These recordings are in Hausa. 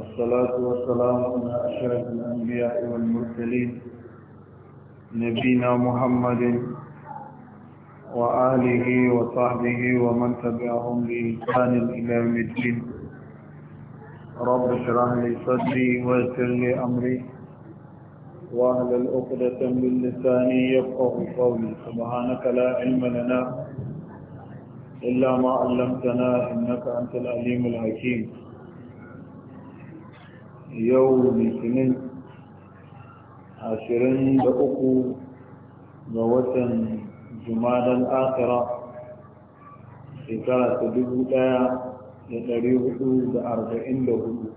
والصلاة والسلام على أشرف الأنبياء والمرسلين نبينا محمد وآله وصحبه ومن تبعهم بإحسان إلى يوم الدين رب اشرح لي صدري ويسر لي أمري واهلل عقدة من لساني يفقه قولي سبحانك لا علم لنا إلا ما علمتنا إنك أنت العليم الحكيم yau litinin ashirin da uku ga watan jumadan akira shekara ta dubu daya da dari hudu da arba'in da hudu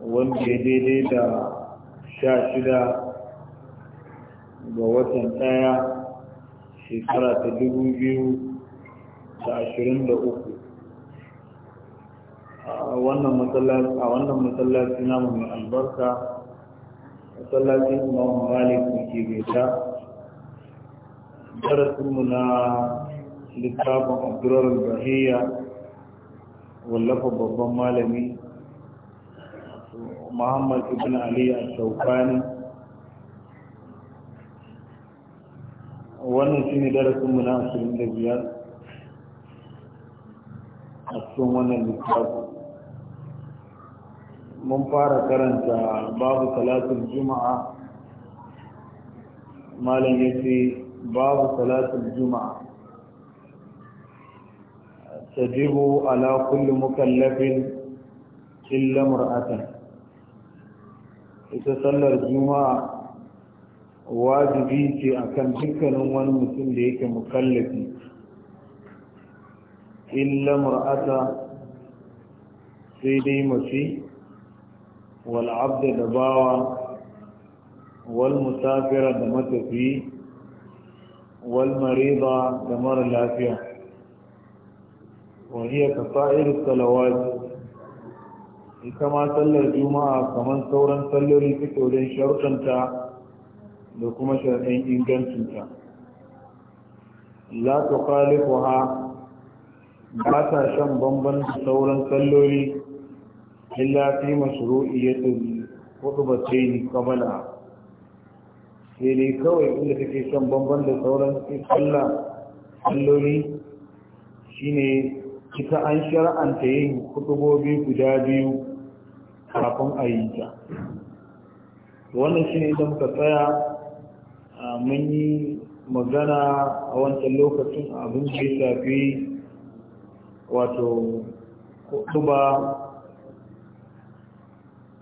wanda ya daidai da sha shida ga watan daya shekara ta dubu biyu da ashirin da uku a wannan masallaci na mai albarka masallacin imam malik ke beta darasinmu na littafin abdurar bahiyya wallafa babban malami muhammad ibn ali a saukani wannan shi ne darasinmu na 25 a cikin wannan littafi mun fara karanta babu salatul juma'a malam ya ce babu salatul juma'a tajibu ala kulli mukallafin illa mur'atan ita sallar juma'a wajibi ce akan dukkanin wani mutum da yake mukallafi illa mur'ata sai dai mace wal abda da bawa wal musafira da matafi wal marida da mara lafiya wa hiya ka sa'ir salawat ita ma sallar juma'a kamar sauran salloli suke wajen sharuɗanta da kuma sharaɗin ingancinta la tuqalifuha ba ta shan bamban da sauran salloli illa fi mashru'iyyatul khutbatayn qabla sai dai kawai inda take shan bamban da sauran sallah Shi shine kita an shar'anta yin kutubobi guda biyu kafin a yi ta wannan shine idan muka tsaya mun yi magana a wancan lokacin abin da ya shafi wato kuma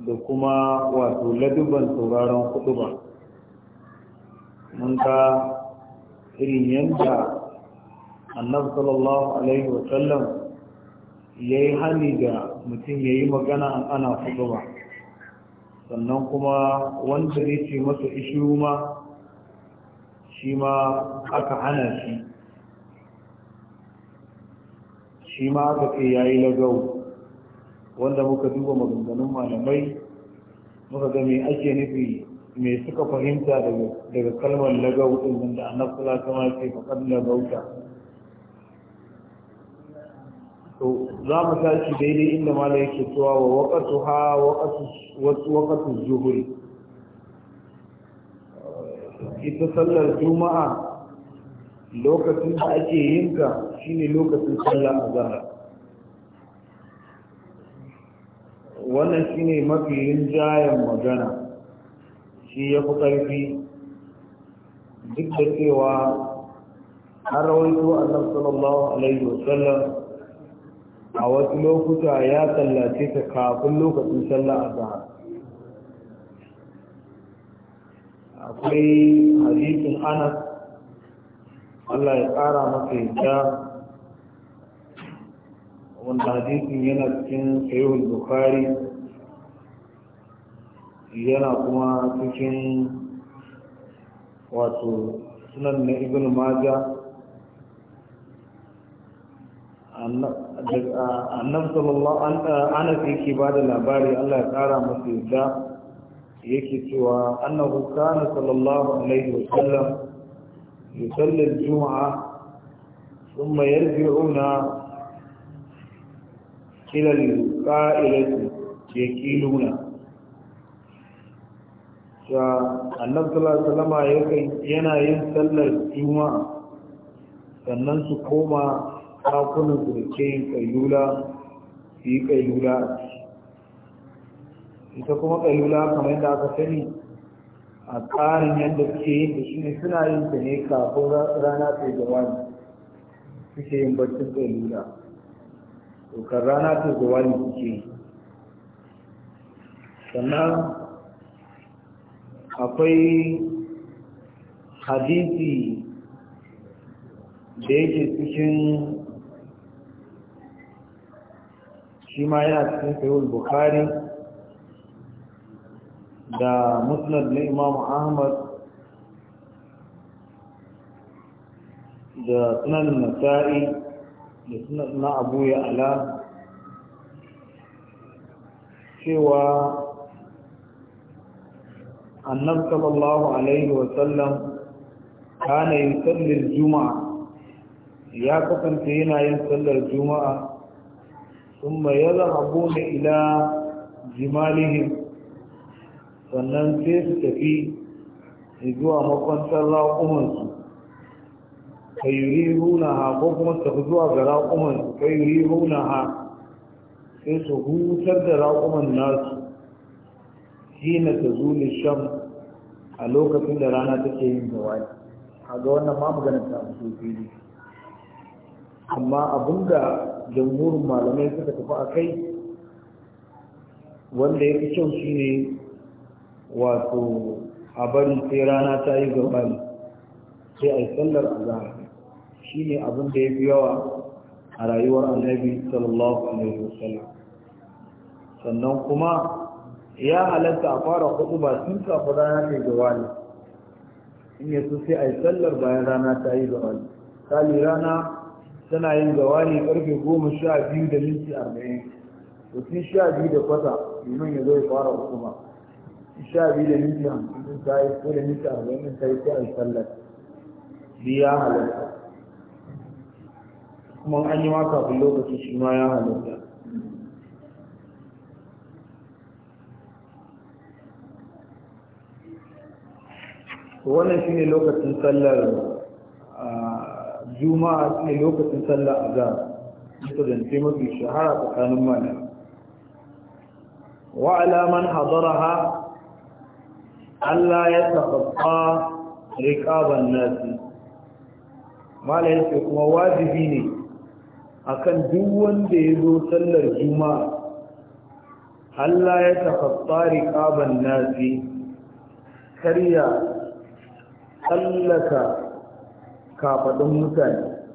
da kuma wato laduban sauraron kutuba mun ga irin yadda annab sallallahu alaihi wasallam ya yi hali da mutum ya yi magana ana ba sannan kuma wanda zai ce masa ishu ma shi ma aka hana shi shi ma aka ce ya yi lagau wanda muka duba maganganun malamai muka ga me ake nufi mai suka fahimta daga kalmar lagau din wanda annabi sallallahu alaihi ce faqad lagauta to za mu tashi daidai inda malai yake cewa wa ha waqatu waqatu zuhri ita sallar juma'a lokacin da ake yinka shine lokacin sallah azhar wannan shine mafi rinjayen magana shi ya fi ƙarfi duk da cewa har rawaito annab sallallahu alaihi wasallam a wasu lokuta ya tsallace ta kafin lokacin sallah zahar akwai hadisin anas Allah ya ƙara masa yadda wanda hadisin yana cikin sayuhul bukhari yana kuma cikin wato sunan na ibn maja annab sallallahu fi ke ba da labari allah ya kara masa yadda yake cewa annahu kana sallallahu alaihi wasallam يصلي الجمعة ثم يرجعون إلى القائلة يكيلون annabi sallallahu alaihi wasallam yana yin sallar juma'a sannan su koma dakunan su da ke yin su yi kailula ita kuma kailula kamar yadda aka sani a tsarin yadda suke yin da shi ne suna yin ta ne kafin rana ta ne suke yin baccin tsalula dokar rana ta ne suke yi sannan akwai hadisi da yake cikin shi ma yana cikin sayul bukari da musnad na imam ahmad da sunan nasa'i da sunan na cewa annab sallallahu alaihi wasallam sallar juma'a ya kasance yana yin sallar juma'a ثم يذهبون إلى جمالهم sannan sai su tafi zuwa makwantar raƙumansu ka yi runa ha ko kuma tafi zuwa ga raƙumansu ka yi runa ha sai su hutar da raƙuman nasu shi na ta zuli sham a lokacin da rana take yin zawali a ga wannan ma magana ta musu fili amma abin da jamhurin malamai suka tafi a kai wanda ya fi kyau shi ne. wato a bari sai rana ta yi gabani sai a yi sallar azahar shi ne abin da ya fi yawa a rayuwar annabi sallallahu alaihi wasallam sannan kuma ya halatta a fara hudu ba sun kafa rana ta yi gabani in yasu sai a yi sallar bayan rana ta yi gabani kali rana tana yin gawani karfe goma sha biyu da minti arba'in mutum sha biyu da kwata domin ya zo ya fara hukuma sha biyu da minti hamsin in ta yi ko da minti arba'in in ta yi ko a yi sallar biya halatta kuma an yi ma kafin lokaci shi ma ya halatta wannan shine lokacin sallar juma'a shine lokacin sallar azhar ita zance mafi shahara tsakanin malam wa ala man hadaraha Allah ya tafaffa riƙaban nasi mala yake kuma wajibi ne akan duk wanda ya zo sallar juma Allah ya tafaffa riƙaban nasi karya tsallaka kafaɗin mutane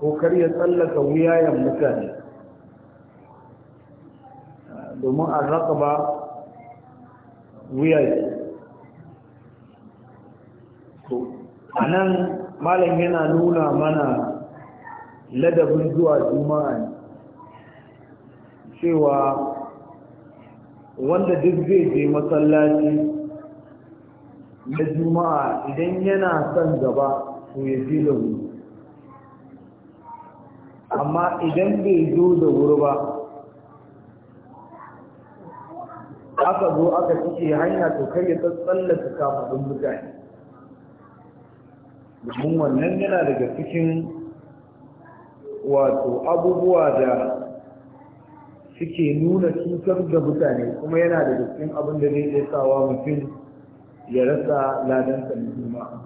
ko karya tsallaka wuyayen mutane domin a raka ba wuyayen to a nan malam yana nuna mana ladabin zuwa juma'a cewa wanda duk zai je masallaci na juma'a idan yana son gaba to ya je da wuri amma idan bai zo da wuri ba aka zo aka cike hanya to kai ya tsallaka kafin mutane domin wannan yana daga cikin wato abubuwa da suke nuna cutar da mutane kuma yana daga cikin abin da zai iya sawa mutum ya rasa ladansa na juma'a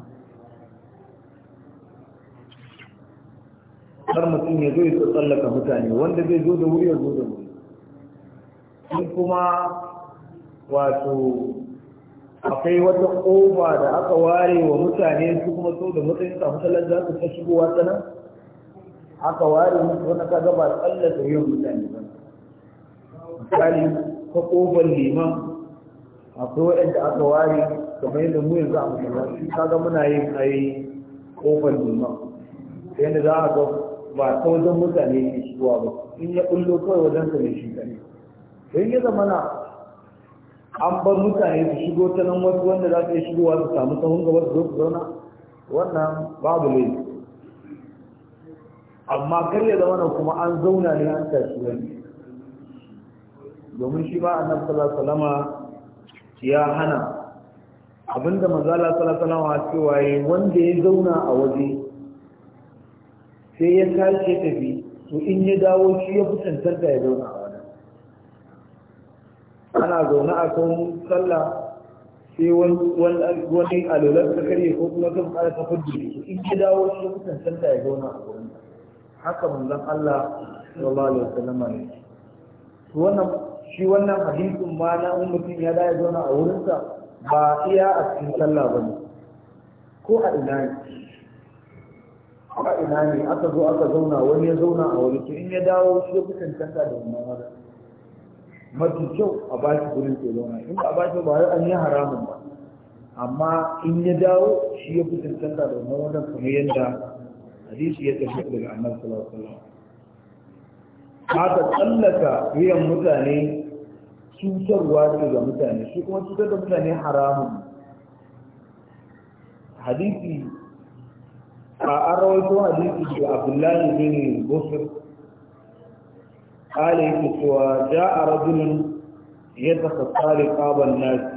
har mutum ya zo ya tsallaka mutane wanda zai zo da wuri ya zo da wuri kuma wato akwai wata ƙofa da aka ware wa mutane su kuma so da su samu talar za su ta shigowa ta nan aka ware musu wani kaga ba da yin mutane ba misali ta ƙofar liman akwai waɗanda aka ware kamar yadda mu yanzu a masallaci kaga muna yin ai ƙofar liman yadda za a ga ba ta wajen mutane ke shigowa ba in ya ƙullo kawai wajen ka ne shi ne, to in ya an bar mutane su shigo ta nan wasu wanda za su iya shigowa su samu sahun gaba su zo su zauna wannan babu laifi amma karya ya zama kuma an zauna ne an tashi wani domin shi ba annan salama ya hana abinda manzala sallallahu cewa yi wanda ya zauna a waje sai ya tashi tafi to in ya dawo shi ya fi da ya zauna ana zaune a kan sallah sai wani alolar ta karye ko kuma kan kara ta fudu in ya dawo shi mutan sallah ya zauna a gurin haka manzon Allah sallallahu alaihi wasallam ne wannan shi wannan hadisin ma na mutum ya dawo ya zauna a wurinsa ba iya a cikin sallah bane ko a ina ne ko a ina ne aka zo aka zauna wani ya zauna a wurin to in ya dawo shi mutan sallah da wannan mafi kyau a ba shi gurin ke zauna in ba a ba shi ba an yi haramun ba amma in ya dawo shi ya fi cancanta da wannan wannan kamar yadda hadisi ya tafi daga annabi sallallahu alaihi wasallam haka tsallaka wuyan mutane cutarwa ce ga mutane shi kuma cutar da mutane haramun hadisi a an rawaito hadisi da abdullahi bin busr kala yake cewa ja a rajinin ya taka tsari kaban nazi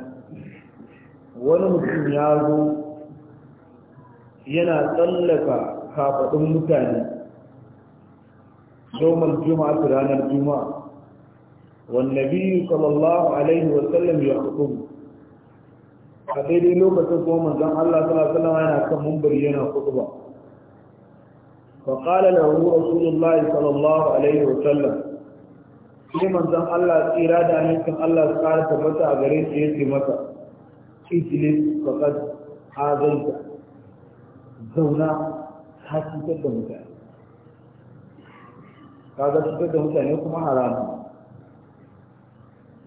wani mutum ya zo yana tsallaka kafaɗin mutane domin juma'a ta ranar juma'a wannabi sallallahu alaihi wasallam ya haɗu a daidai lokacin kuma manzan Allah sallallahu alaihi wasallam yana kan mumbar yana kudu ba فقال له رسول الله صلى الله عليه sai manzon Allah tsira da hankin Allah su ƙara tabbata a gare shi yake masa itilis faqad azaita zauna ta cutar da mutane ga cutar da mutane kuma haramu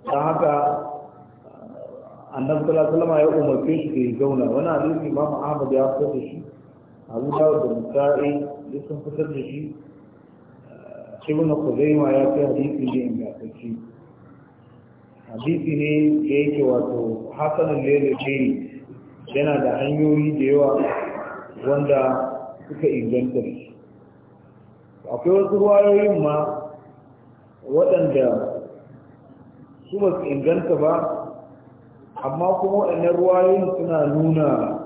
ta haka annabi sallallahu alaihi wasallam ya umarce shi da ya zauna wani hadisi imam ahmad ya fito da shi abu dawud da mutane ya sun fitar da shi ibn kuzaima ya ce hadisi ne ingantacce hadisi ne da yake wato hasanin lalace yana da hanyoyi da yawa wanda suka inganta shi akwai wasu ruwayoyin ma waɗanda su ba su inganta ba amma kuma waɗannan ruwayoyin suna nuna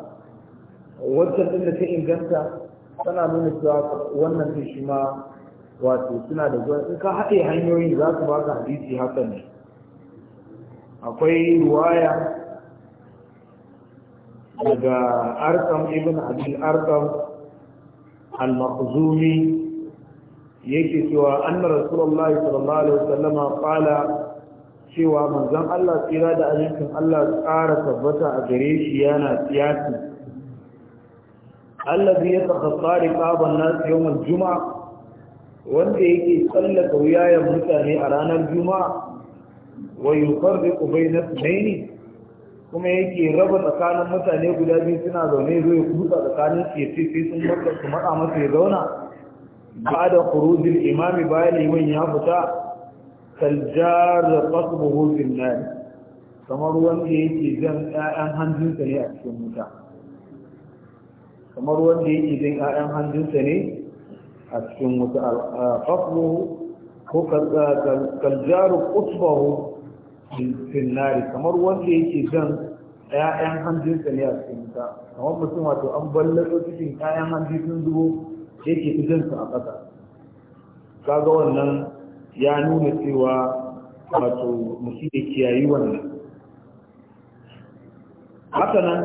wancan ɗin da ta inganta tana nuna cewa wannan shi ma wato suna da zuwa in ka haɗe hanyoyin za su baka hadisi haka ne akwai ruwaya daga arkam ibn abdul arkam al-makhzumi yake cewa anna rasulullahi sallallahu alaihi wasallama qala cewa manzon Allah tsira da ajikin Allah tsara tabbata a gare shi yana siyasi yi yatakhassari qaban nas yawm al-jum'a wanda yake tsallaka wuyayen mutane a ranar juma'a wai wa kubai na ithnayn kuma yake raba tsakanin mutane guda biyu suna zaune zai kusa tsakanin ke sun maka su matsa masu ya zauna ba da kurujin imami bayan liman ya fita kaljar da qasbuhu fil nar kamar wanda yake zan ƴaƴan hanjinsa ne a cikin wuta kamar wanda yake zan ƴaƴan hanjinsa ne a cikin wuta fasluhu ko kaljaru kusbahu finnari, kamar wanda yake zan ƴaƴan hanjinsa ne a cikin wuta kamar mutum wato an ballaso cikin ƴaƴan hanji sun zubo yake zansa a ƙasa kaga wannan ya nuna cewa wato mutum da kiyayi wannan haka nan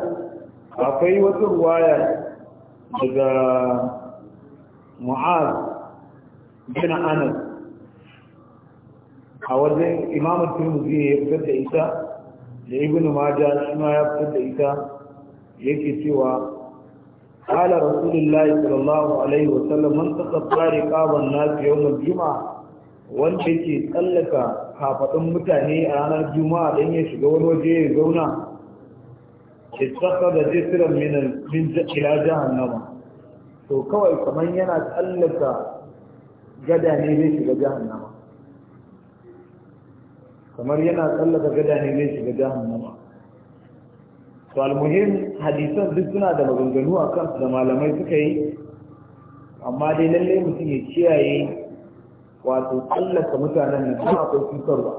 akwai wata ruwaya daga mu'az bin anas a wajen imamu turmuzi ya fitar da ita da ibn maja shi ya fitar da ita yake cewa قال رسول الله صلى الله عليه وسلم من تقطع رقاب الناس يوم الجمعه wanda ke tsallaka kafaɗin mutane a ranar juma'a don ya shiga wani waje ya zauna ke tsaka da jisiran min ila jahannama to kawai kamar yana tsallaka gada ne zai shiga jahannama kamar yana tsallaka gada ne zai shiga jahannama to almuhim hadisan duk suna da maganganu a kansu da malamai suka yi amma dai lalle mutum ya kiyaye wato tsallaka mutanen da suna akwai cutarwa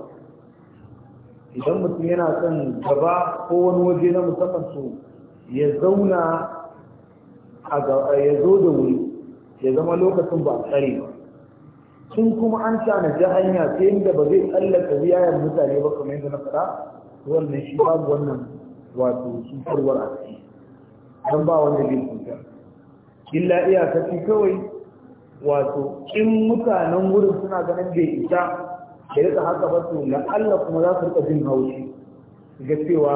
idan mutum yana son gaba ko wani waje na musamman su ya zauna ya zo da wuri ya zama lokacin ba a tsare ba sun kuma an ji hanya ta yadda ba zai tsallaka ziyarar mutane ba kamar yadda na faɗa wannan shi babu wannan wato cutarwar a ciki don ba wanda zai cutar illa iya iyakaci kawai wato in mutanen wurin suna ganin bai isa da rika haka ba su Allah kuma za su rika jin haushi ga cewa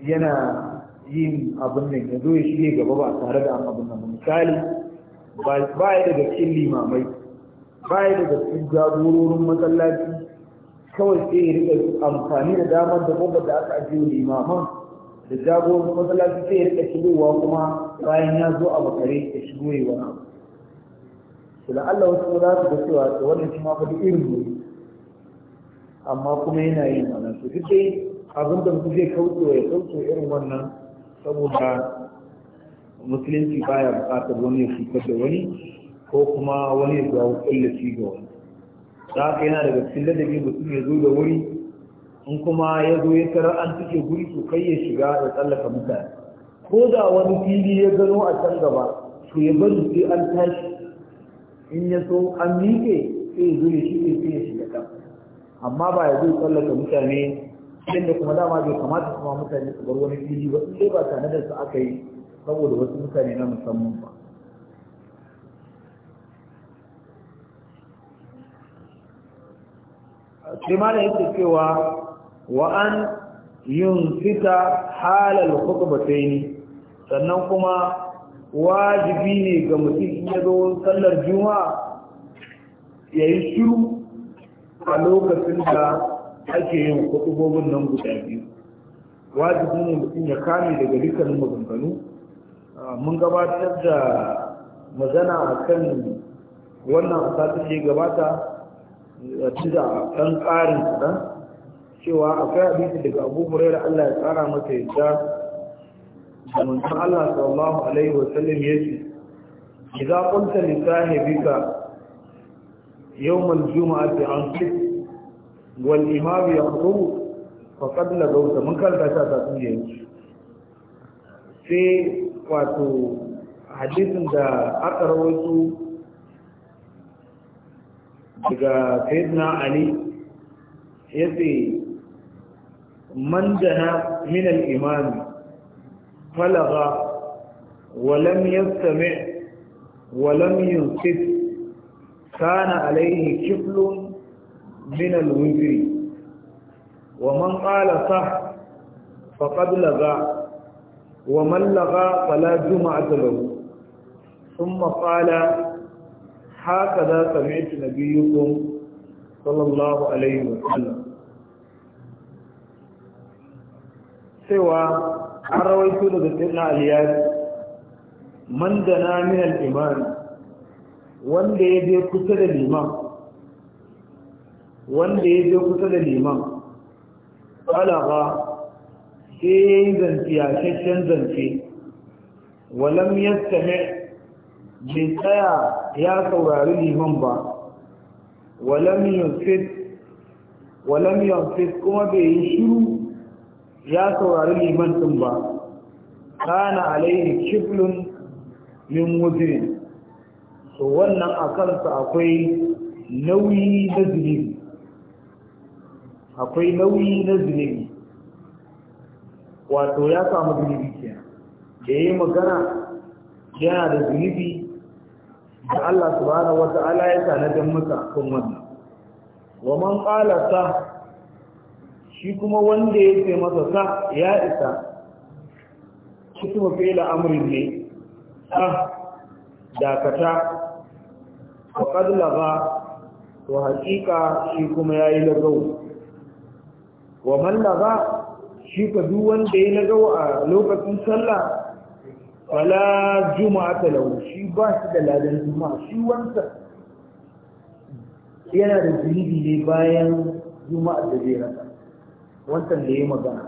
yana yin abin nan ya zo ya shige gaba ba tare da an abin nan misali ba ya daga cikin limamai ba ya daga cikin jagororin masallaci kawai sai ya rika amfani da damar da kuma da aka ajiye limaman da jagororin masallaci sai ya rika shigowa kuma bayan ya zo a bakare ya shigo ya wani abu to da Allah wasu za su ga cewa da wannan shi ma fa irin ne amma kuma yana yin wannan to duk dai abin da mutum zai kauce ya kauce irin wannan saboda musulunci baya bukatar wani ya cutar da wani ko kuma wani ya zawo kullaci ga wani za ka yana daga cikin ladabi mutum ya zo da wuri in kuma ya zo ya tarar an cike guri to kai ya shiga ya tsallaka mutane ko da wani fili ya gano a can gaba to ya bari sai an tashi in ya so an miƙe sai ya zo ya shi sai ya shiga kan amma ba ya zo tsallaka mutane inda kuma dama bai kamata kuma mutane su bar wani fili ba in dai ba tare da su aka yi saboda wasu mutane na musamman ba sai ma yake cewa wa an fita halal khutbataini sannan kuma wajibi ne ga mutum in ya zo sallar juma'a ya yi shiru a lokacin da ake yin kutubobin nan guda biyu wajibi ne mutum ya kame daga dukkanin maganganu ah, mun gabatar da magana a kan wannan asatun ya gabata a cida ɗan ƙarin kaɗan cewa akwai abinci daga abu hurairar allah ya tsara masa yadda da manzon allah sallallahu alaihi wasallam ya ce idza qulta li sahibika yawm al-jum'ati an fit wal imam yaqum gauta mun karanta shi a tafin da sai wato hadisin da aka rawaito daga sayyidina ali yace man dana min al-imam falaga ولم يستمع ولم ينصت كان عليه كفل من الوزر ومن قال صح فقد لغى ومن لغى فلا جمعة له ثم قال هكذا سمعت نبيكم صلى الله عليه وسلم سوى أرويت لدتنا الياس من دنا من الإيمان wanda ya je kusa da liman wanda ya je kusa da liman ƙalafa sai ya yi zance cikin zance walam same bai tsaya ya saurari liman ba walam yanfit kuma bai yi shiru ya saurari liman ɗin ba kana alaihi kiflun min muzirin so wannan a kansa akwai nauyi na zunubi akwai nauyi na zunubi wato ya samu zunubi kenan da ya yi magana yana da zunubi da Allah subhanahu wata'ala ya tanadar masa kan wannan wa man qala sa shi kuma wanda ya ce masa sa ya isa shi kuma Fela amrin ne sa dakata wa qad to haƙiƙa shi kuma ya yi lagau wa mallaba shi ka duk wanda ya naga a lokacin sallah Wala juma'a lau shi ba shi da ladan juma'a shi wanda yana da zunubi ne bayan juma'a da zai rasa wancan da ya magana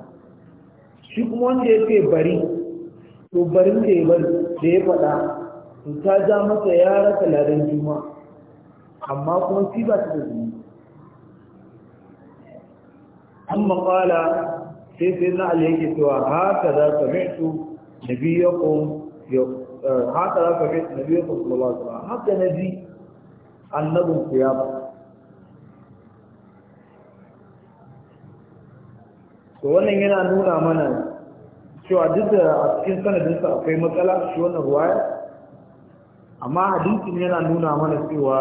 shi kuma wanda ya ce bari to barin da ya bari da ya faɗa ta ja masa ya rasa ladan juma'a amma kuma shi ba shi da zunubi amma qala sai sai na ali yake cewa haka za ka mutu nabiyakum eh, haka za ka mutu nabiyakum sallallahu alaihi wasallam haka nabi annabun ku ya ba to wannan yana nuna mana cewa duk da a cikin sanadinsa akwai matsala shi wannan ruwaya amma hadisin yana nuna mana cewa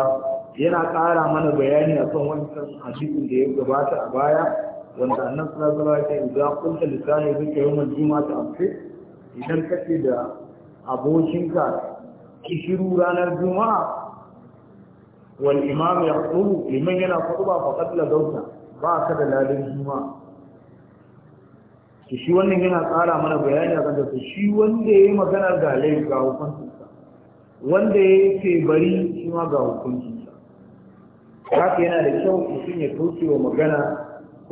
yana ƙara mana bayani a kan wancan hadisin da ya gabata a baya wanda annan sarasara ya ce ga kunta lisani zuke yawan juma ta amfi idan kake da abokinka kishiru ranar juma'a wal imam ya kudu liman yana kudu ba da lagauta ba ka da ladin juma'a shi wannan yana tsara mana bayani akan da shi wanda ya yi maganar ga laifi ga hukuncinsa wanda ya ce bari shi ma ga hukuncinsa haka yana da kyau mutum ya kauce wa magana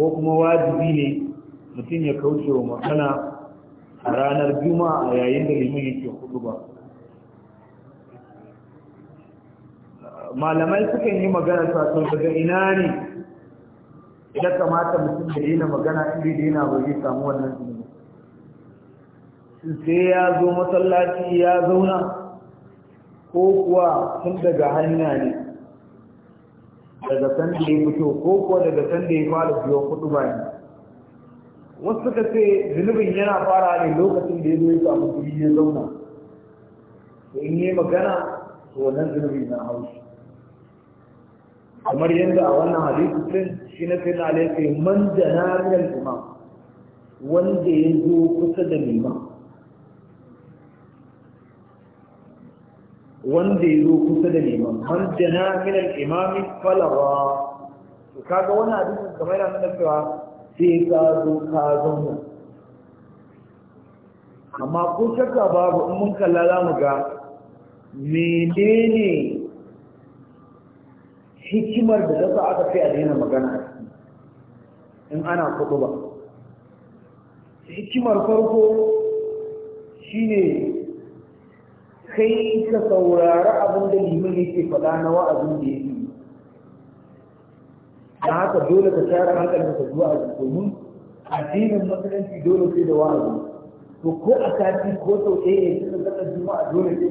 ko kuma wajibi ne mutum ya kauce wa magana a ranar juma'a yayin da limin yake hudu ba malamai sukan yi magana ta daga ina ne ya kamata mutum da yi magana inda da yana bai samu wannan zunubi sai ya zo masallaci ya zauna ko kuwa tun daga hanya ne daga san da ya fito ko kuwa daga san da ya fara biyo kudu ba ne wasu suka ce zunubin yana fara ne lokacin da ya zo ya samu guri ya zauna to in yi magana to wannan zunubin na haushi kamar yadda a wannan hadisi sun shi na fi na alaƙa man jana min wanda ya zo kusa da liman wanda ya zo kusa da liman man jana min al-imami falawa to kaga wannan da kamar yana nuna cewa sai ka zo ka zauna amma ko shakka babu in mun kalla za mu ga menene hikimar da zasa aka fi a daina magana in ana kudu ba hikimar farko shine kai ka saurari abin da liman yake faɗa na wa'azin da yake da haka dole ka tara hankalin ka zuwa a domin addinin musulunci dole sai da wa'azi to ko a kati ko sau ɗaya ya ci zaka a dole ne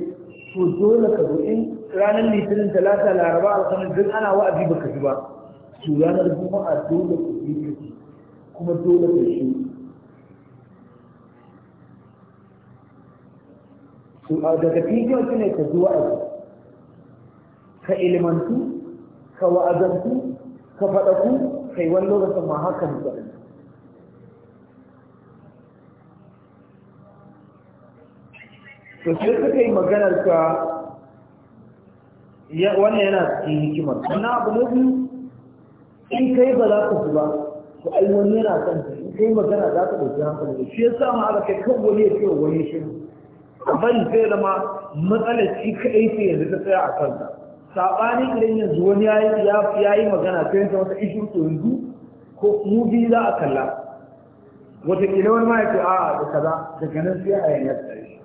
to dole ka zo in ranar litinin talata laraba alhamis duk ana wa'azi baka ji ba to ranar juma'a dole ka ji ka kuma dole ka shi daga cikin su ne ka zuwa abu ka ilimantu, ka wa'azantu ka faɗaku kai wani lokacin ma haka mutane to sai suka yi maganar ka wannan yana cikin hikimar Na abu na biyu in kai ba za ka zuba to ai wani yana kan in kai magana za ka ɗauki hankali shi ya sa ma aka kai kan wani ya ce wani shi bari sai zama matsalar shi kaɗai sai yanzu ta tsaya a kanta, saɓani idan yanzu wani ya yi magana sai ta wata ishin yanzu ko mu biyu za a kalla wataƙila wani ma ya ce a da kaza daga nan sai a yanar shi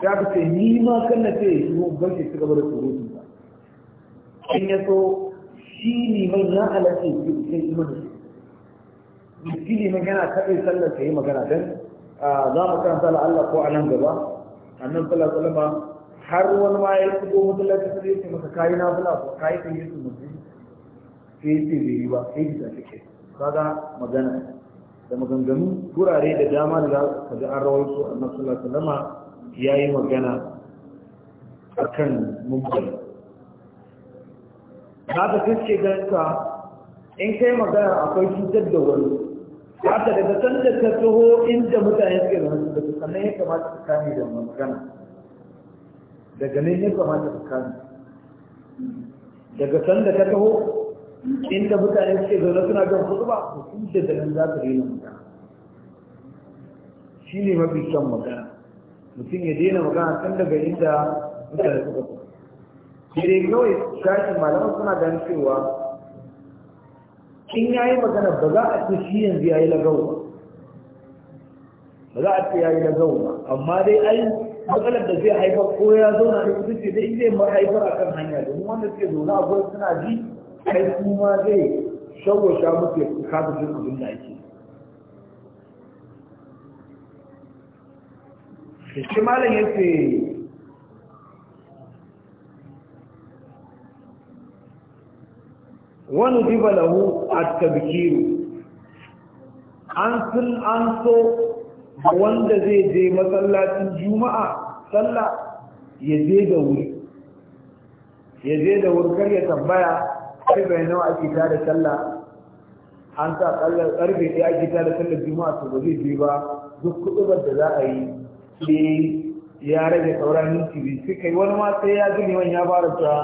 ta aka ce ni ma kan na ce shi mun ban shi gaba da surutu ba in ya so shi ne mai na alaƙa sai imanin shi ne mai yana kaɗai sallar ta yi magana don za mu kan sa Allah ko a nan gaba annan sallallahu alaihi wasallam har wani ma ya shigo masallaci sai ya ce maka kayi na fula ko kayi kan yesu musulmi sai ya ce bai yi ba sai ya tafi kaga magana da maganganu turare da dama da ka ji an rawaito annabi sallallahu alaihi wasallam ya yi magana akan munkari haka sai ce ganka in kai magana akwai cutar da wani haka daga san da ka taho inda mutane suke da masu daga sannan ya kamata ka kame da magana daga nan ya kamata ka kame daga san da ka taho inda mutane suke zaune suna jan kudu ba to sun da nan za ka daina magana shi ne mafi kyan magana mutum ya daina magana tun daga inda mutane suka taho. Sai dai kawai shashin malaman suna ganin cewa in ya yi magana ba za a ce shi yanzu ya yi lagau ba ba za a ce ya yi lagau ba amma dai ai matsalar da zai haifar ko ya zauna da kusur ce dai zai mahaifar a kan hanya da mu wanda suke zauna a gurin suna ji kai kuma zai shagosha mutu ya da jin abin da ake shi malam ya wani diba lahu a tabbikiru an sun an so wanda zai je masallacin juma'a sallah ya je da wuri ya je da wuri kar ya tambaya karfe nawa ake da sallah an sa kallar karfe ya ake da sallar juma'a to ba zai je ba duk kudubar da za a yi ya rage sauran minti biyu sai kai wani ma sai ya ji wani ya fara ta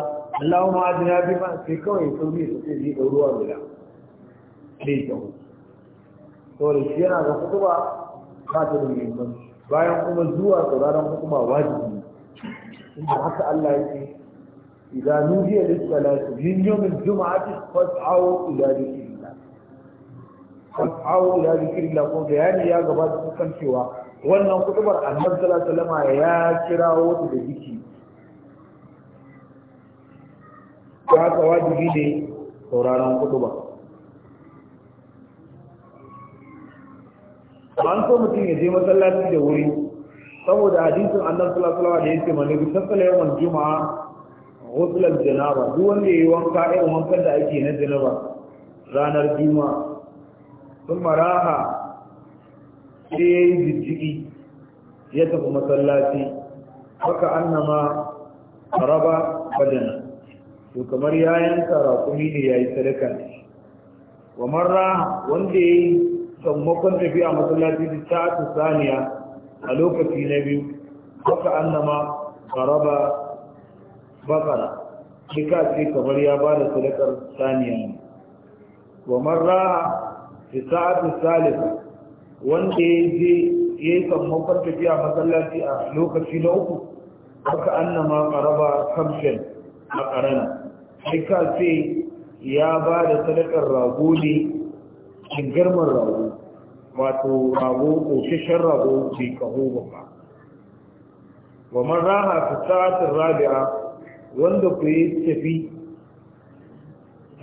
Allahumma adina bi ma sai kawai ya sauri su ce zai ruwa guda sai ta hu saboda shi yana da kutuba ba ta da muhimmanci bayan kuma zuwa sauraron hukuma wajibi inda haka Allah ya ce إذا نودي للصلاة من يوم الجمعة فاسعوا إلى da الله فاسعوا ila ذكر الله ko bayani ya gabata kan cewa wannan kutubar annabi sallallahu alaihi wasallam ya kirawo da zikiri ta haka wajibi ne sauraron kudu ba an so mutum ya je masallaci da wuri saboda hadisin annan sallallahu da ya ce mani bi tasala yawan juma'a hotunan janaba duk wanda ya yayi wanka irin wankan da ake na janaba ranar juma'a sun maraha sai yi jijjigi ya tafi masallaci haka annama raba badana to kamar ya yanka raƙumi ne ya yi sadaka ne wa marra wanda ya yi sammakon tafiya masallaci da ta ta saniya a lokaci na biyu haka annama karaba bakara duka ce kamar ya ba da sadakar saniya wa marra ta sa'atu salisa wanda ya je ya yi sammakon tafiya masallaci a lokaci na uku haka annama karaba kamshin a ƙarana sai ce ya ba da sadakar rago ne girman rago wato rago kishin rago ke kaho ba wa man raha ta rabi'a wanda ku yi tafi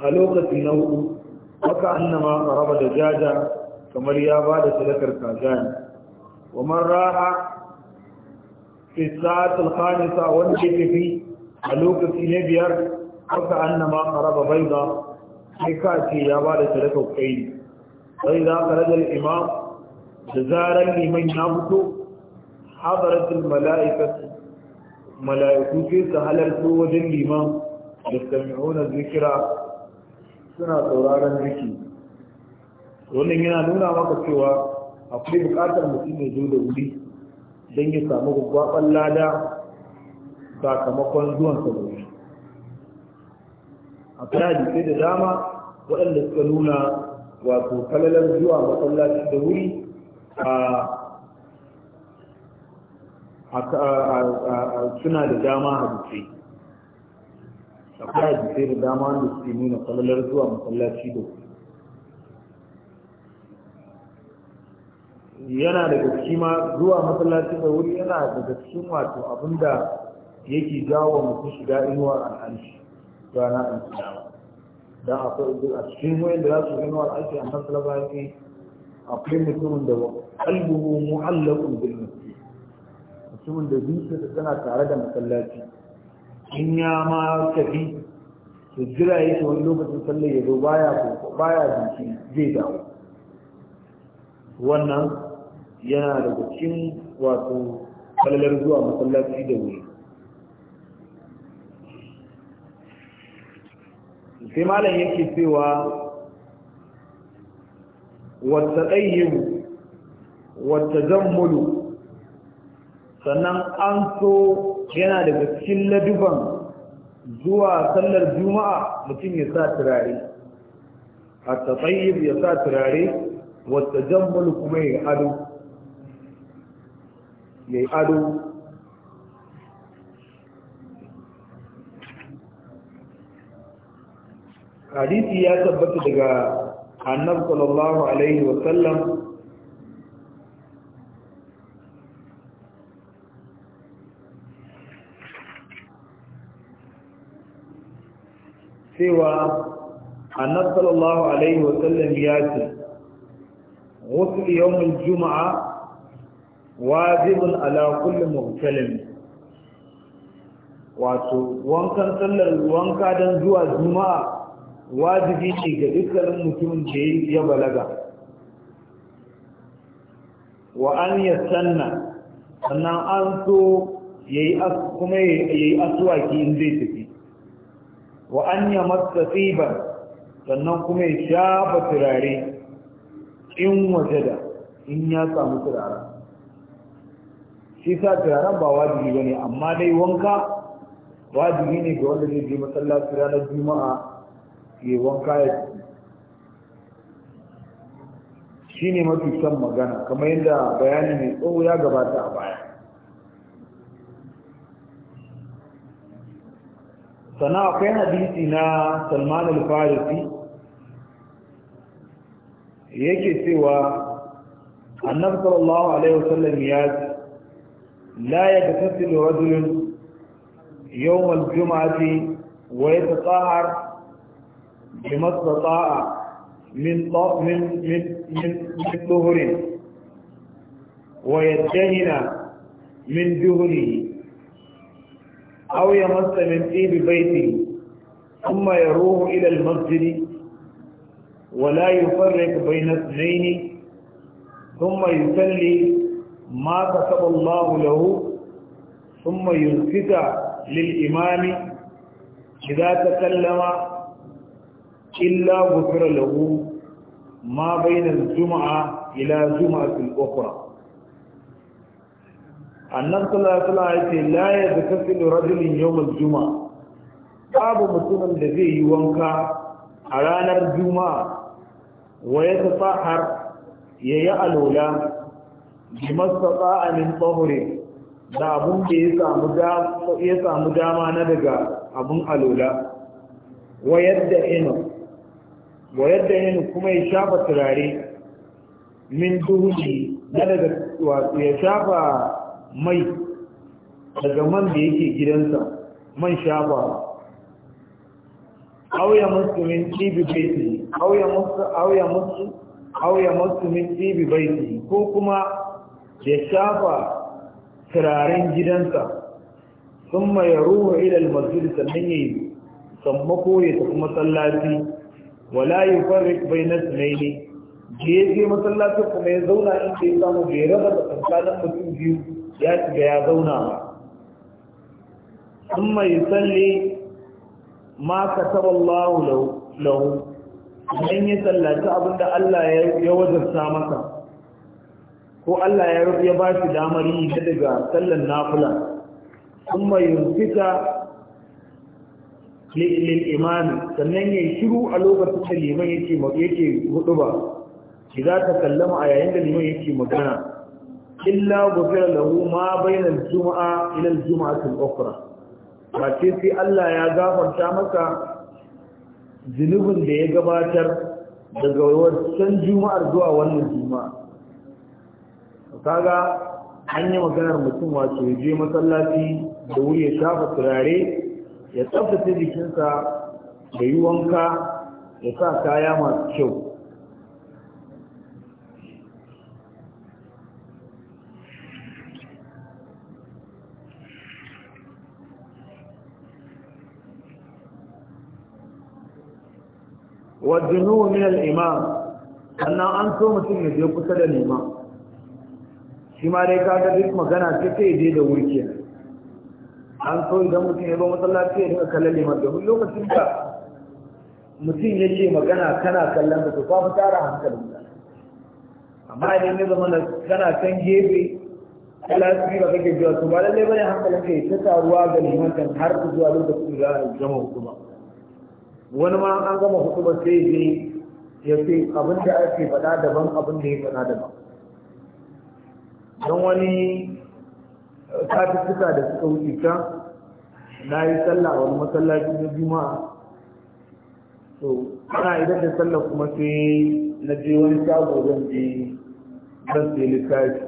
a lokaci na hudu haka annama raba da jaja kamar ya ba da sadakar kaza ne wa man raha fi kanisa wanda ke tafi a lokaci na biyar haka annama qaraba bayda sai ka ce ya ba da sadaka kai sai da ka imam da zaran liman ya fito hadaratul mala'ikatu mala'iku sai su halarto wajen liman da sami'una zikira suna sauraron ziki wannan yana nuna maka cewa akwai bukatar mutum ya zo da wuri don ya samu gwaggwaban lada sakamakon zuwan sa akwai sai da dama waɗanda suka nuna wato kalalar zuwa masallaci da wuri a suna da dama hadisai akwai sai da dama wanda suke nuna kalalar zuwa masallaci da wuri yana daga ciki ma zuwa masallaci da wuri yana daga cikin wato abinda yake jawo mutum shiga inuwar al'adu. rana a kiyama dan akwai duk a cikin wayan da za su gano al'ashi a nan talaba yake akwai mutumin da qalbuhu mu'allaqun bil masjid mutumin da zuciyarsa tana tare da masallaci in ya ma tafi to jira yake wani lokacin sallar ya zo baya baya jiki zai dawo wannan yana daga cikin wato kalalar zuwa masallaci da wuri sai malam yake cewa wata ɗayyibu wata zammulu sannan an so yana daga cikin laduban zuwa sallar juma'a mutum ya sa turare a tsayyib ya sa turare wata zammulu kuma ya ya yi ado hadisi ya tabbata daga annabi sallallahu alaihi wa sallam cewa annabi sallallahu alaihi wa sallam ya ce wasu yawon juma'a wajibin ala kulli muhtalim wato wankan sallar wanka don zuwa juma'a wajibi ne ga dukkanin mutumin da ya balaga wa an sanna sannan an so yayi kuma yayi aswaki in zai tafi wa an ya tsiban sannan kuma ya shafa turare in wajada in ya samu turaren shi sa turaren ba wajibi ba ne amma dai wanka wajibi ne ga wanda zai je masallaci ranar juma'a yi wanka ya shi ne mafi kyan magana kamar yadda bayani mai tsawo ya gabata a baya sana akwai hadisi na salman al-farisi yake cewa annabi sallallahu alaihi wasallam ya ce la tafsilu rajulun yawm al-jum'ati wa yatahhar بما استطاع من من من من, من طهر ويدهن من جهله أو يمس من طيب بيته ثم يروح إلى المسجد ولا يفرق بين اثنين ثم يصلي ما كتب الله له ثم ينفت للإمام إذا تكلم illa gufira lahu ma bainan juma'a ila juma'atul ukhra annan salatula ya ce la ya zaka filu rajulin juma'a babu mutumin da zai yi wanka a ranar juma'a wa ya tafahar ya yi alola bi mastata min tahuri da abun da ya samu dama na daga abun alola wa yadda inu wa yadda yin kuma ya shafa turare min duhuli na daga wato ya shafa mai daga man da yake gidansa man shafa auya musu min tibi baiti auya musu auya musu auya musu min tibi baiti ko kuma ya shafa turaren gidansa sun ya ruhu ilal masjid sannan ya yi sammako ya tafi masallaci wala yufarriq bai na je jeje masallacin kuma ya zauna inda ya samu bai raba da tsakanin mutum biyu ya shiga ya zauna ba Sun mai salli ma ka taba له lahu don ya sallaci abinda Allah ya wajarta maka ko Allah ya ya ba shi damar yi daga sallan mai kuma yunfita lil imani sannan yayi shiru a lokacin da liman yake yake huduba idza kallama a yayin da liman yake magana illa ghufira lahu ma bainal juma'a ila al-jum'ati al-ukhra wace sai Allah ya gafarta maka zunubin da ya gabatar daga wancan juma'ar zuwa wannan juma'a kaga an yi maganar mutum wato ya masallaci da wuri ya shafa turare ya tsaftace jikinsa da yi wanka ya sa kaya masu kyau wajinu min al sannan an so mutum ya je kusa da neman. shi ma dai kaga duk magana ce ta yi da wurke an so idan mutum ya zo masallaci ya dinga kallon liman domin lokacin da mutum ya ce magana kana kallon da to fi tara hankalin ka amma idan ya zama na kana can gefe kalasi ba kake jiwa to ba lallai bane hankalin ka ya ta taruwa ga liman kan har zuwa duk da za gama hukuma wani ma an gama hukuma sai je ya ce abin da ake faɗa daban abin da ya faɗa daban don wani satuttuka da suka wuce ta na yi sallah a wani masallaci na juma'a to ana idan da sallah kuma sai na je wani shago zan je zan sai littafi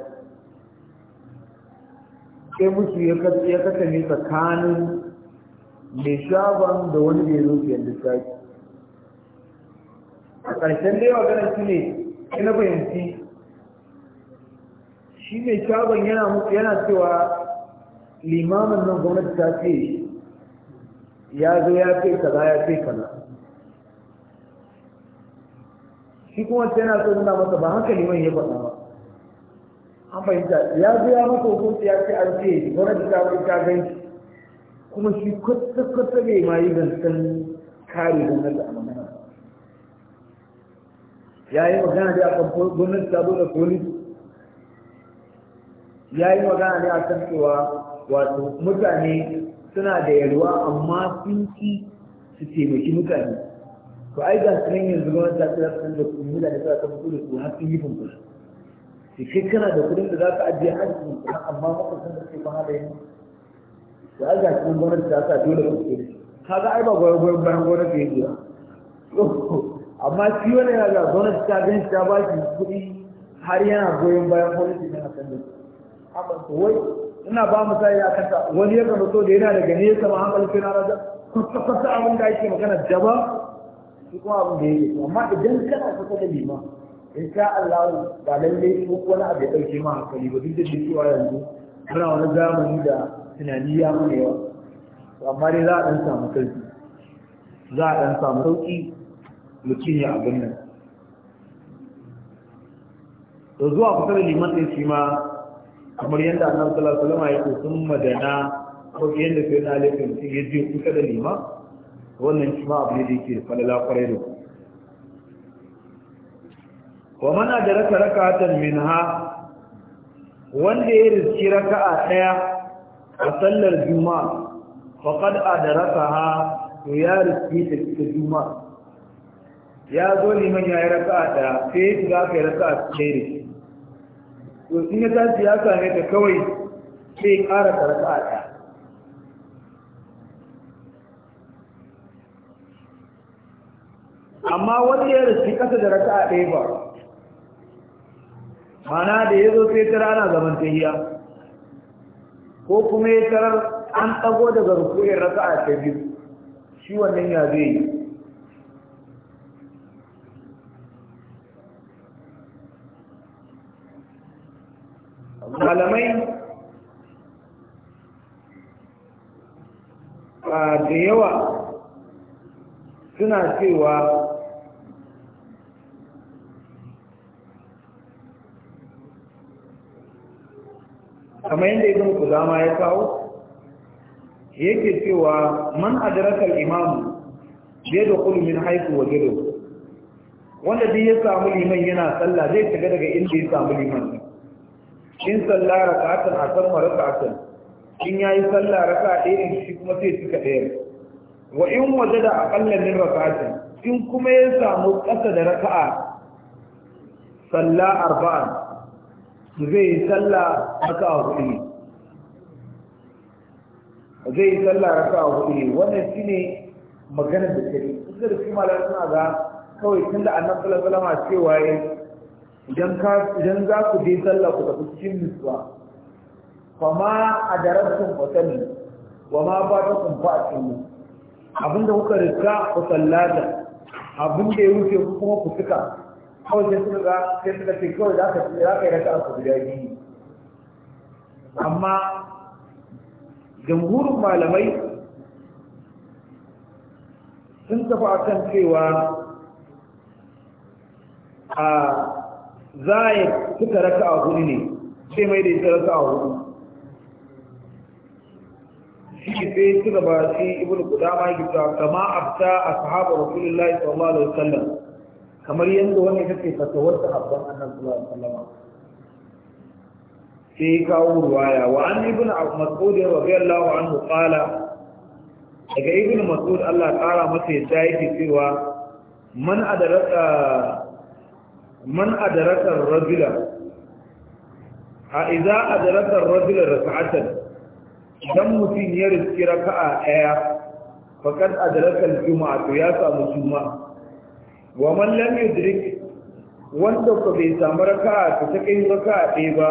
sai musu ya kasance tsakanin mai shagon da wani bai zo siyan littafi a ƙarshen yawa ganin su ne ina fahimci shi mai shagon yana cewa limamin nan gwamnati ta ce ya zo ya ce kaza ya ce kaza shi kuma sai na so nuna masa ba haka liman ya faɗa ba an fahimta ya zo ya masa hukunci ya ce an ce gwamnati ta wani ta ganci kuma shi kwata-kwata bai ma yi zancen kare gwamnati a magana ya yi magana da akan gwamnati ta zo da polis ya yi magana ne akan cewa wato mutane suna da yalwa amma sun ki su taimaki mutane to ai ga su yanzu gwamnati ta tsira sun da mutane suna ta fito da su har sun yi funfuna shi kai kana da kudin da za ka ajiye har su funfuna amma makwabtan da suke ba da yanzu to ai ga su gwamnati ta sa dole ka ga da su kaga ai ba gwamnati bayan gwamnati ya ba. amma shi wani ya ga gwamnati ta gan ta ba shi kuɗi har yana goyon bayan gwamnati na kan da su wai ina ba mu sai ya kasa wani ya kama so da yana da gani ya ma hankali sai na raja kwata kwata abin da ake magana jaba. shi kuma abin da yake amma idan kana kusa da lima in sha Allah ba lallai ko wani abu ya dauke ma hankali ba duk da cewa yanzu muna wani zamani da tunani ya mu yawa amma dai za a dan samu sauki za a dan samu sauki mu ya abin nan To zuwa kusa da liman ɗin shi ma kamar yadda annabi sallallahu alaihi wasallam ya ce sun madana ko yadda sai na alifin sun ya je kusa da lima wannan shi ma abu ne da yake falala kwarai da wa mana da raka rakatan minha wanda ya riski raka'a daya a sallar juma'a faqad adrakaha to ya riski ta juma'a ya zo liman ya yi raka'a daya sai ya shiga kai raka'a cikin to in siyasa ne ya same ta kawai sai ƙara karaka a amma wani ya rasu ƙasa da raka a ɗaya ba mana da ya zo sai ta ana zaman tahiya ko kuma ya tarar an tsago daga rukunin raka a ta biyu shi wannan ya zai yi malamai da yawa suna cewa kamar yadda ibn kudama ya kawo yake cewa man adrakal imamu bai da min haifu wa gido wanda duk ya samu liman yana sallah zai shiga daga inda ya samu liman in sallah raka'atan a kan raka'atan in yayi sallah raka'a ɗaya shi kuma sai suka ɗaya wa in wajada aqalla min raka'atin in kuma ya samu ƙasa da raka'a sallah arba'an zai yi sallah raka'a hudu zai yi sallah raka'a hudu ne wannan shine maganar da take kuma da kuma malamin ga kawai tunda annabi sallallahu alaihi wasallam cewa idan za ku je sallah ku tafi cikin nutsuwa fama a darabtun wasani wa ma ba ta kumfa a cikin abinda kuka rika ku sallata abinda ya wuce kuma ku suka kawai sai suka ga sai suka ce kawai za ka za ka yi raka ku guda biyu amma jamhurin malamai sun tafi akan cewa a za a yi suka raka a hudu ne sai mai da ita raka a hudu shi sai su gaba shi ibn kudama ya ta kama abta a sahaba rasulullahi sallallahu alaihi wasallam kamar yadda wani ta ce fatawar sahabban annabi sallallahu alaihi wasallam sai kawo ruwaya wa an ibn mas'ud radiyallahu anhu qala daga ibn mas'ud Allah ƙara masa yadda yake cewa man adaraka man adarakar rajula a iza adarakar rajula raka'atan idan mutum ya riski raka'a ɗaya faqad adarakal juma'a to ya samu juma'a wa man lam yudrik wanda ko bai samu raka'a ta kai raka'a ɗaya ba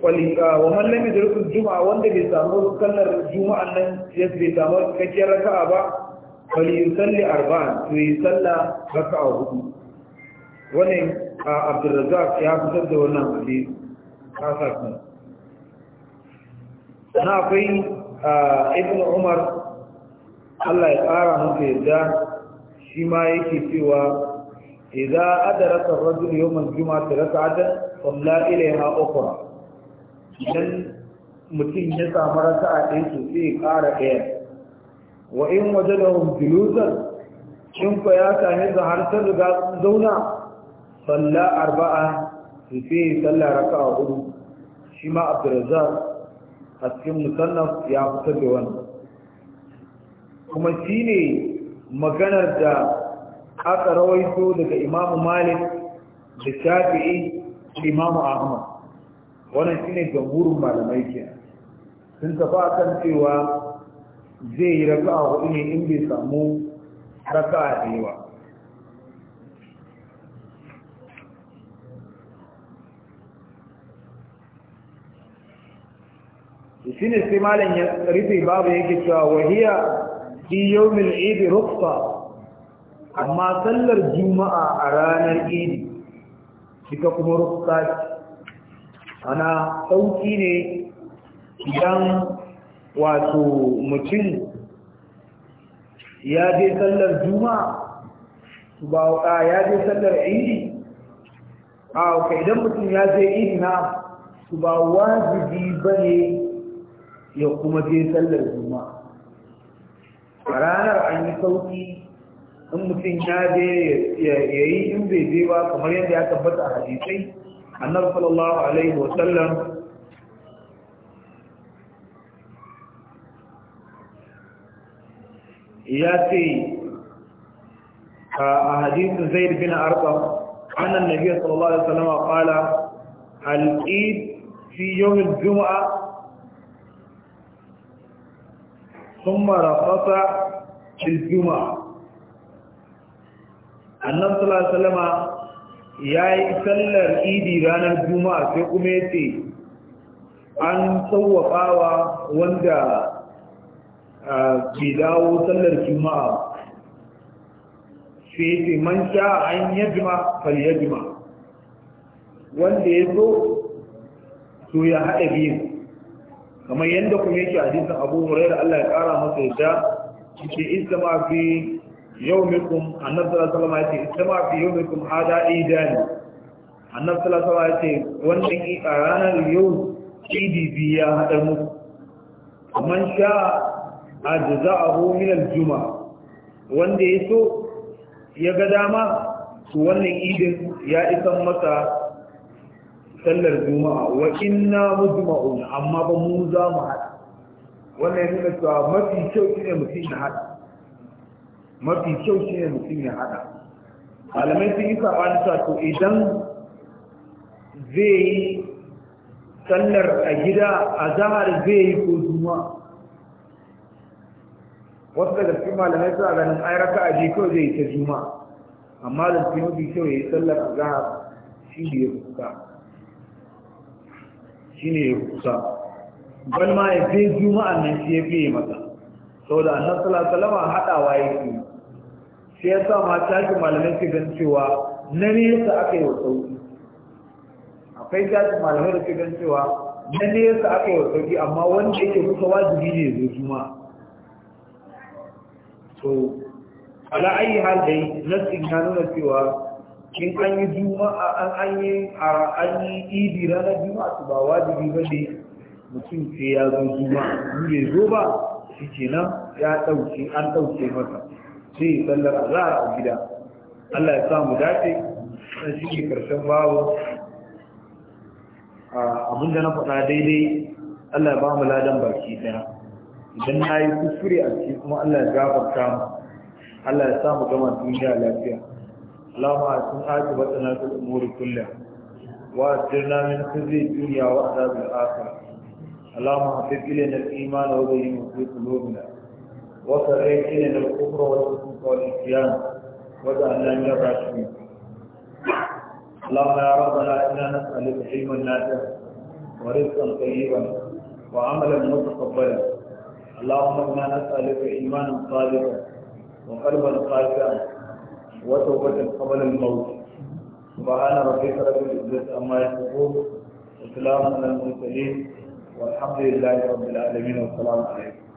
falika wa man lam yudrik juma'a wanda bai samu sallar juma'an nan ya bai samu raka'a ba fali yusalli arba'an to yi salla raka'a hudu wannan abdulrazak ya fitar da wannan hadisi kasafin. na akwai ibn umar allah ya tsara masa yadda shi ma yake cewa idza adraka ar-rajul yawm rasa jumah rak'atan qalla ilayha ukhra idan mutum ya samu a ɗin su sai ƙara ɗaya wa in wajen julusan shin fa ya same zahar har zauna salla arba'a rufe salla raka'a hudu shi ma abdurrazzaq a cikin musannaf ya fitar da wannan kuma shi ne maganar da aka rawaito daga imamu malik da shafi'i da imamu ahmad wannan shi ne jamhurin malamai ke sun tafi a kan cewa zai yi raka'a hudu ne in bai samu raka'a da yawa shi ne sai malam ya rufe babu yake cewa wahiya fi yawmil idi ruksa amma sallar juma'a a ranar idi kika kuma ruksa ana sauki ne idan wato mutum ya je sallar juma'a ba ya je sallar idi a idan mutum ya je idi na ba wajibi bane ya kuma je sallar juma'a a ranar an yi sauki in mutum ya je ya yi in bai je ba kamar yadda ya tabbata a hadisai annabi sallallahu alaihi wa sallam ya ce a hadisun zaid bin arqam annan nabiy sallallahu alaihi wasallam qala al-eid fi yawm Juma'a. ثم رقص في الجمعة salama ya yi sallar idi ranar juma'a sai kuma ya ce an tsawakawa wanda ke dawo sallar juma'a sai ce an yajima wanda ya so so ya haɗa biyu kamar yadda kuma yake hadisin abu huraira Allah ya kara masa yadda yake istama fi yawmikum annabi sallallahu alaihi wasallam yake istama fi yawmikum hada idan annabi sallallahu alaihi wasallam yake wannan a ranar yau idi biya hada mu man sha ajza'ahu min al-juma wanda yaso ya ga dama to wannan idin ya isan masa sallar juma'a wa inna mujma'u amma ba mu za mu haɗa wannan yana nuna cewa mafi kyau shine mutum ya haɗa mafi kyau shine mutum ya haɗa malamai sun yi saɓani cewa to idan zai yi sallar a gida a zahar zai yi ko juma'a wasu daga cikin malamai suna ganin ai raka a kawai zai yi ta juma'a amma da cikin mafi kyau ya yi sallar a zahar shi ne ya fuska shine ya kusa bal ma ya je juma'an nan shi ya fiye masa Sau da annan alaihi haɗawa ya yake shi ya sa ma taki malamai ke gan cewa na nesa aka yi wa sauki akwai taki malamai da ke gan cewa na nesa aka yi wa sauki amma wanda yake kusa wajibi ne zai juma'a so ala ayi hal dai nasin ya nuna cewa Kin an yi juma'a an an yi an yi idi ranar juma'a su ba wajibi ba ne mutum sai ya zo juma'a ni bai zo ba shi nan ya ɗauke an ɗauke masa sai sallar azhar a gida Allah ya samu dace na shi ne karshen babu abin da na faɗa daidai Allah ya ba mu ladan baki ɗaya idan na yi kuskure a ciki kuma Allah ya gafarta mu Allah ya samu gama duniya lafiya اللهم أعطنا عاقبتنا في الأمور كلها وأجرنا من خزي الدنيا وعذاب الآخرة اللهم حبب إلينا الإيمان وزينه في قلوبنا وكره إلينا الكفر والفسوق والعصيان واجعلنا من الراشدين اللهم يا ربنا إنا نسألك علما نافعا ورزقا طيبا وعملا متقبلا اللهم إنا نسألك إيمانا صادقا وقلبا خاشعا وتوبة قبل الموت سبحان ربك رب العزة عما يصفون وسلام على المرسلين والحمد لله رب العالمين والسلام عليكم